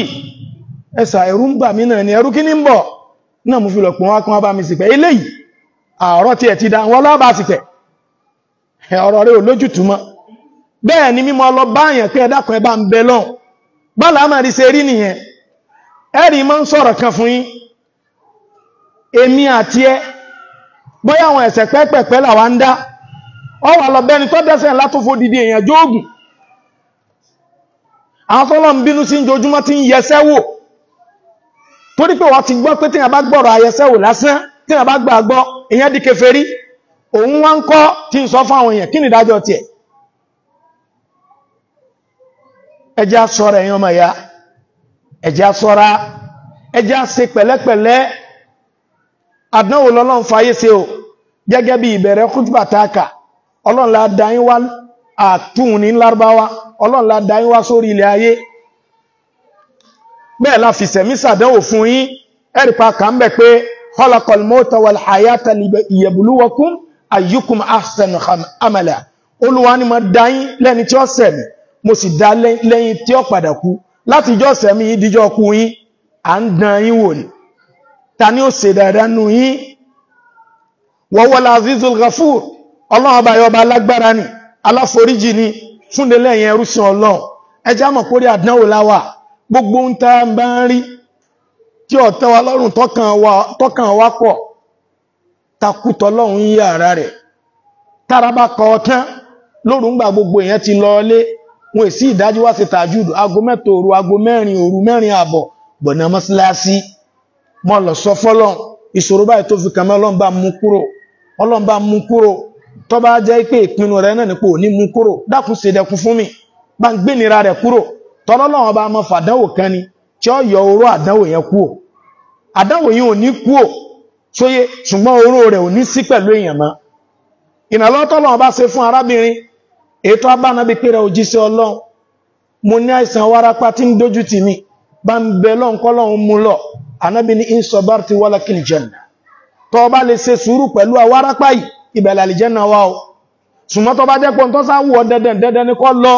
Speaker 1: ẹsà ẹ̀rù ń mí náà ni ẹ̀rù kí ní ń bọ̀ náà mú fi lọ pọ̀ wọ́n wọ́n bá mi sìpẹ̀ ti ẹ̀ ti dá wọn lọ́bàá sìpẹ̀ ọ̀rọ̀ rẹ̀ bẹ́ẹ̀ ni mímọ́ lọ báyàn ẹbá ń bẹ lọ́n bọ́lá rí nìyẹn mọ́ sọ̀rọ̀ kan fún yín èmi àti àwọn tọ́lọ̀ si bínú ti ń yẹsẹ́ wò torí pé wọ́n ti gbọ́ pé tíyàn bá gbọ́rọ̀ ayẹsẹ́ wò lásán tíyàn bá gbàgbọ́ ìyẹn di kèfèrí òun wá ń kọ́ tí ń sọ fún àwọn èèyàn kí ni ìdájọ́ tiẹ̀ ẹjá o ọlọ́run la dá yín wá sórí ilẹ̀ ayé bẹ́ẹ̀ la fi sẹ̀mí sàdánwò fún yín ẹ̀rìpa kà ń bẹ̀ pé khalaqal mauta wal hayata liyabluwakum ayyukum ahsanu amala olúwa ni mo dá yín lẹ́ni tí ó sẹ̀mí mo sì dá lẹ́yìn tí ó padà kú láti jọ́ sẹ̀mí yìí díjọ́ kú yín ọlọ́run ọba yọba alágbára ni aláforíjì ni túnde ẹ̀yẹn ẹrúsìn ọlọ́run ẹjá mọ̀ pórí àdánwò láwà gbogbo ń tá ń bá ń rí tí ọ̀tẹ́ wa lọ́rùn tọ́kàn wa pọ̀ takùtọ̀ lọ́run ara rẹ̀ tára bá kọ ọtán gbogbo èèyàn ti lọ wọn èsì ìdájú wá sí mẹ́ta òru mẹ́rin òru mẹ́rin gbọ̀nà mọ́síláṣí mọ́ lọ sọ fọ́lọ́n ìṣòro báyìí tó fi tó bá jẹ́ pé ìpinnu rẹ̀ náà nípò ní mú kúrò dákun ṣe dẹkun fún mi bá ń gbénira rẹ kúrò tọ́lọ́lọ́wọ́ ọba mọ́ fàdánwò kan ni tí ó yọ oró àdánwò yẹn kúò àdánwò yìí ò ní ṣùgbọ́n oró rẹ ò pẹ̀lú èèyàn mọ́ fún arábìnrin ètò abánabi pé ọlọ́run mo ní àìsàn tí ń dojú tì mí bá ń bẹ mú lọ ìbẹ̀lẹ̀ àlìjẹ́nà wá o ṣùgbọ́n tó bá dẹ́pọ̀ tó sáwọ́ dandan dandan ní kọ́ lọ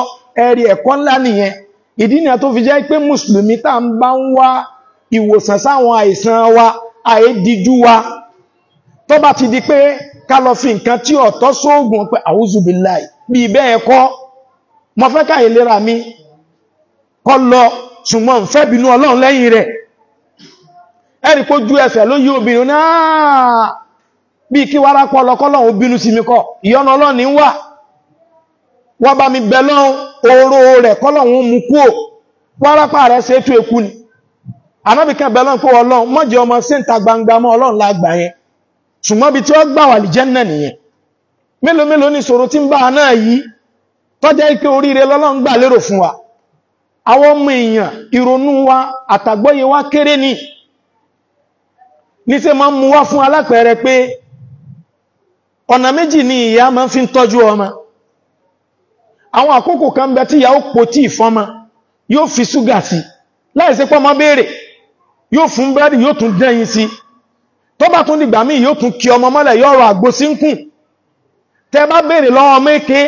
Speaker 1: ẹ̀rí ẹ̀kọ́ ńlá nìyẹn ìdí ni tó fi jẹ́ pé mùsùlùmí tá ń bá ń wá ìwòsàn sáwọn àìsàn wa àìdíjú wa tó bá ti di pé ká lọ fi nǹkan tí ọ̀tọ́ sóògùn pé àwúzùbíláì bí bẹ́ẹ̀ kọ́ mo fẹ́ ká ìlera mi kọ́ lọ ṣùgbọ́n fẹ́ bínú ọlọ́run lẹ́yìn rẹ̀ ẹ̀rí pójú ẹsẹ̀ ló yí obìnrin náà bí kí wá rápọ̀ lọ́kọ́lọ́ ò bínú sí mi kọ́ ìyọ́nà ọlọ́ni ń wà wọ́n bá mi bẹ̀ lọ́hun oró rẹ̀ kọ́lọ̀hun mú kú ò wá rápá rẹ̀ ṣe tú ni anábìkan bẹ̀ lọ́hun gbangba mọ́ ọlọ́hun lágbà yẹn ṣùgbọ́n bí tí gbà wà lìjẹ́ náà nìyẹn mélòó mélòó ìṣòro ike oríire lọ́lọ́hun gbà lérò fún wa àwọn ọmọ èèyàn ni máa ń fún pé ọ̀nà méjì ni ìyá máa fi ń tọ́jú ọmọ àwọn àkókò kan bẹ tí ìyá ó po tí ìfọ́mọ yóò fi ṣúgà sí láìsí pọ́mọ béèrè yóò fún búrẹ́dì yóò tún dẹ́yìn sí tó bá tún dìgbà míì yóò tún kí ọmọ mọ́lẹ̀ yóò rọ àgbo sí ń kùn tẹ bá béèrè lọ́wọ́ méke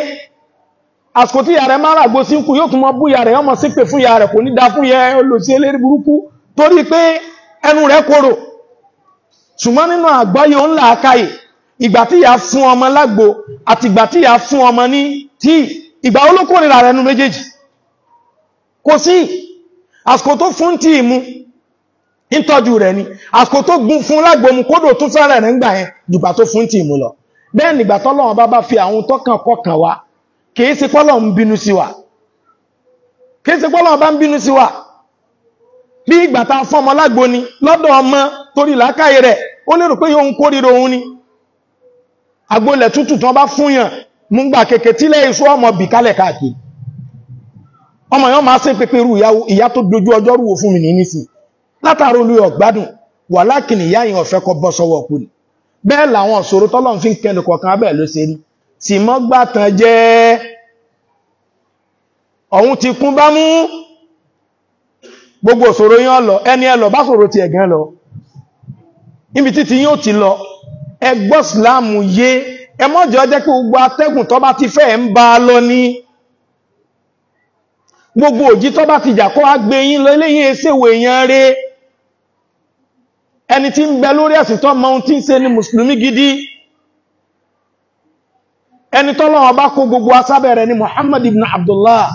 Speaker 1: àsìkò tí ìyá rẹ̀ máa ràgbo sí ń kùn yóò tún mọ bú ìyá rẹ̀ ọmọ sípè fún ìyá kò ní da fún yẹ olùsí eléri burúkú torí pé ẹnu rẹ̀ korò ṣùgbọ́n nínú àgbáyé ó ń làákàyè ìgbà tí ìyá fún ọmọ lágbo àti ìgbà tí ìyá fún ọmọ ní tí ìgbà olókòrìlà rẹ̀ nú méjèèjì kò sí àsìkò tó fún tí ìmú ìtọ́jú rẹ̀ ni àsìkò tó gún fún lágbo mu kódò tún fẹ́rẹ̀ rẹ̀ ńgbà yẹn jùgbà tó fún tí ìmú lọ bẹ́ẹ̀ nígbà tọ́lọ́run bá bá fi àwọn tọ́kàn kọkàn wa kìí ṣe pọ́lọ́run bínú sí wa kìí ṣe pọ́lọ́run bá ń bínú sí wa bí ìgbà tá fọ́mọ lágbo ni lọ́dọ̀ ọmọ torí làákàyè rẹ̀ ó lérò pé yóò ń kórìíra òun ni agbólẹ̀ tútù tán bá fúnyàn mú gbà kèkè tílẹ̀ iṣu ọmọ bì kálẹ̀ káàkiri ọmọ yẹn máa ṣe pépé irú ìyá tó dojú ọjọ́ rúwo fún mi nínísì látàrí olú ọ̀gbádùn wà lákìní ìyá yẹn ọ̀fẹ́ kọ bọ́ sọ́wọ́ kù ni bẹ́ẹ̀ làwọn ìṣòro tọ́lọ́ fi ń kẹnu kọ̀ọ̀kan abẹ́ ló ṣe rí sì mọ́ gbàtàn jẹ́ ọ̀hun ti kún bá mú gbogbo ìṣòro yẹn lọ ẹni ẹ lọ bá ṣòro tiẹ̀ gan lọ níbi títí yóò ti lọ ẹ gbọ́ ìsìláàmù yé ẹ mọ́jọ jẹ́ kí gbogbo atẹ́gùn tó bá ti fẹ́ ń bá lọ ní gbogbo òjì tọba bá ti jà kó wá lọ eléyìn eséwò èèyàn rẹ̀ ẹni tí ń bẹ lórí mùsùlùmí gidi ẹni tọ́lọ́wọ́ bá kó gbogbo asábẹ̀rẹ̀ ni Muhammad ibn Abdullah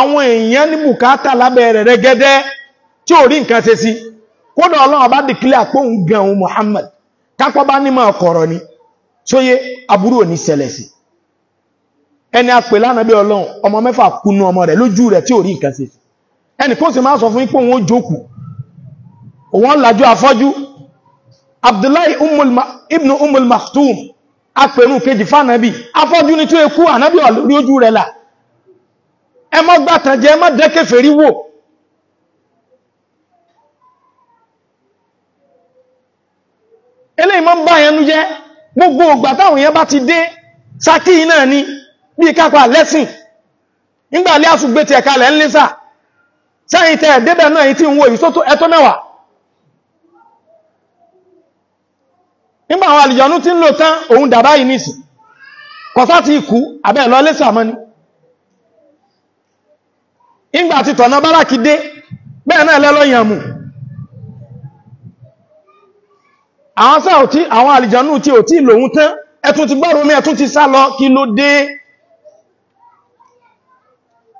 Speaker 1: àwọn èèyàn ní bùkátà lábẹ̀rẹ̀ kódà ọlọ́run bá dìkílẹ̀ àpóhùn gan-an Muhammad kápọ́ bá nímọ̀ ọkọ̀rọ̀ ni sóyé aburú ò ní ṣẹlẹ̀ sí ẹni àpè lánàá bí ọlọ́run ọmọ mẹ́fà kunu ọmọ rẹ̀ lójú rẹ̀ tí ò rí nǹkan ṣe ẹni kó sì máa sọ fún yín pé òun ó jókòó òun ó lajú afọ́jú Abdullahi ibn Ummul Maktum apẹ̀rún kejì fánàbí afọ́jú ní tó ekú ànábì ọ̀lórí ojú rẹ̀ là ẹ mọ́ gbàtànjẹ́ mọ́ dẹ́kẹ́fẹ́ rí wò ele máa mba bá ẹnu gbogbo ìgbà táwọn èèyàn bá ti dé Ṣakí náà ni bí kápá lẹ́sìn nígbà àṣùgbé ti ẹ̀ka lẹ́ ń sẹ́yìn tẹ́ ẹ̀dẹ́bẹ̀ náà yìí tí ń wo èyí ẹ̀tọ́ mẹ́wàá nígbà àwọn àlìjọ̀nú tí dé bẹ́ẹ̀ náà àwọn sáà tí àwọn àlìjànú tí ò tí lòun tán ẹ̀tún ti gbọ́rùn mẹ́ ẹ̀tún ti sá lọ kí ló dé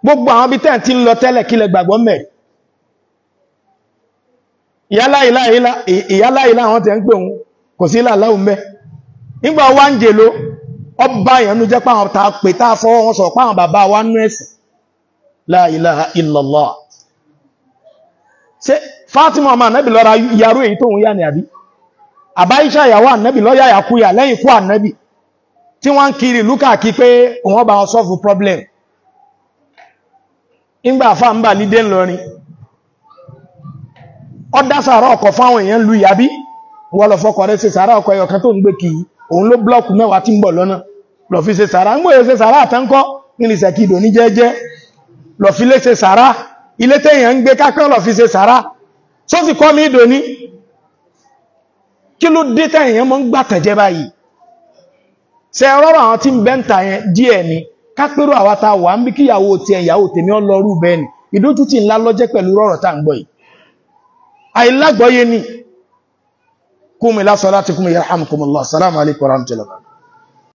Speaker 1: gbogbo àwọn bí tẹ́ẹ̀ tí ń lọ tẹ́lẹ̀ kílẹ̀ gbàgbọ́ mẹ́ ìyáláìlá àwọn tẹ́ ń pè òun kò sí láàláwù mẹ́ nígbà wá ń jèló ọba ìyànú jẹ́ páwọn ta pè tá fọwọ́ wọn sọ páwọn bàbá wa nú ẹ̀sìn la ilaha illallah ṣe Fatima ọmọ ànábì lọ́ra yarú èyí tóun yá ni àbí àbáyíṣà ìyàwó ànẹ́bì lọ́yà àyàkúyà lẹ́yìn ikú ànẹ́bì tí wọ́n ń kiri lúkàkí pé wọ́n bá probleme problem ìgbà àfà ń bà ọ dá ọkọ̀ fáwọn èèyàn lu ìyàbí wọ́n lọ fọkọ̀ rẹ̀ ṣe sàárà ọkọ̀ ẹyọkan tó ń gbé kì í òun ló blọ́ọ̀kù mẹ́wàá tí ń bọ̀ lọ́nà lọ fi ṣe sàárà ń ṣe sàárà àtẹ́ńkọ́ kí ló dé tẹ́yìn mọ́ ń gbàtẹ̀jẹ́ báyìí ṣe rọ́rọ̀ àwọn tí ń bẹ́ ń ta yẹn díẹ̀ ni kápẹ́rọ àwa ta wà ń bí kí ìyàwó tiẹ̀ ìyàwó tèmi ọ lọ rú bẹ́ẹ̀ ni ìdójútì ńlá lọ́jẹ́ pẹ̀lú rọ́rọ̀ tá ń gbọ́ yìí àìlágbọ́yé ni kúmi lásọ láti kúmi yarhamukumullah salamu alaykum wa rahmatullahi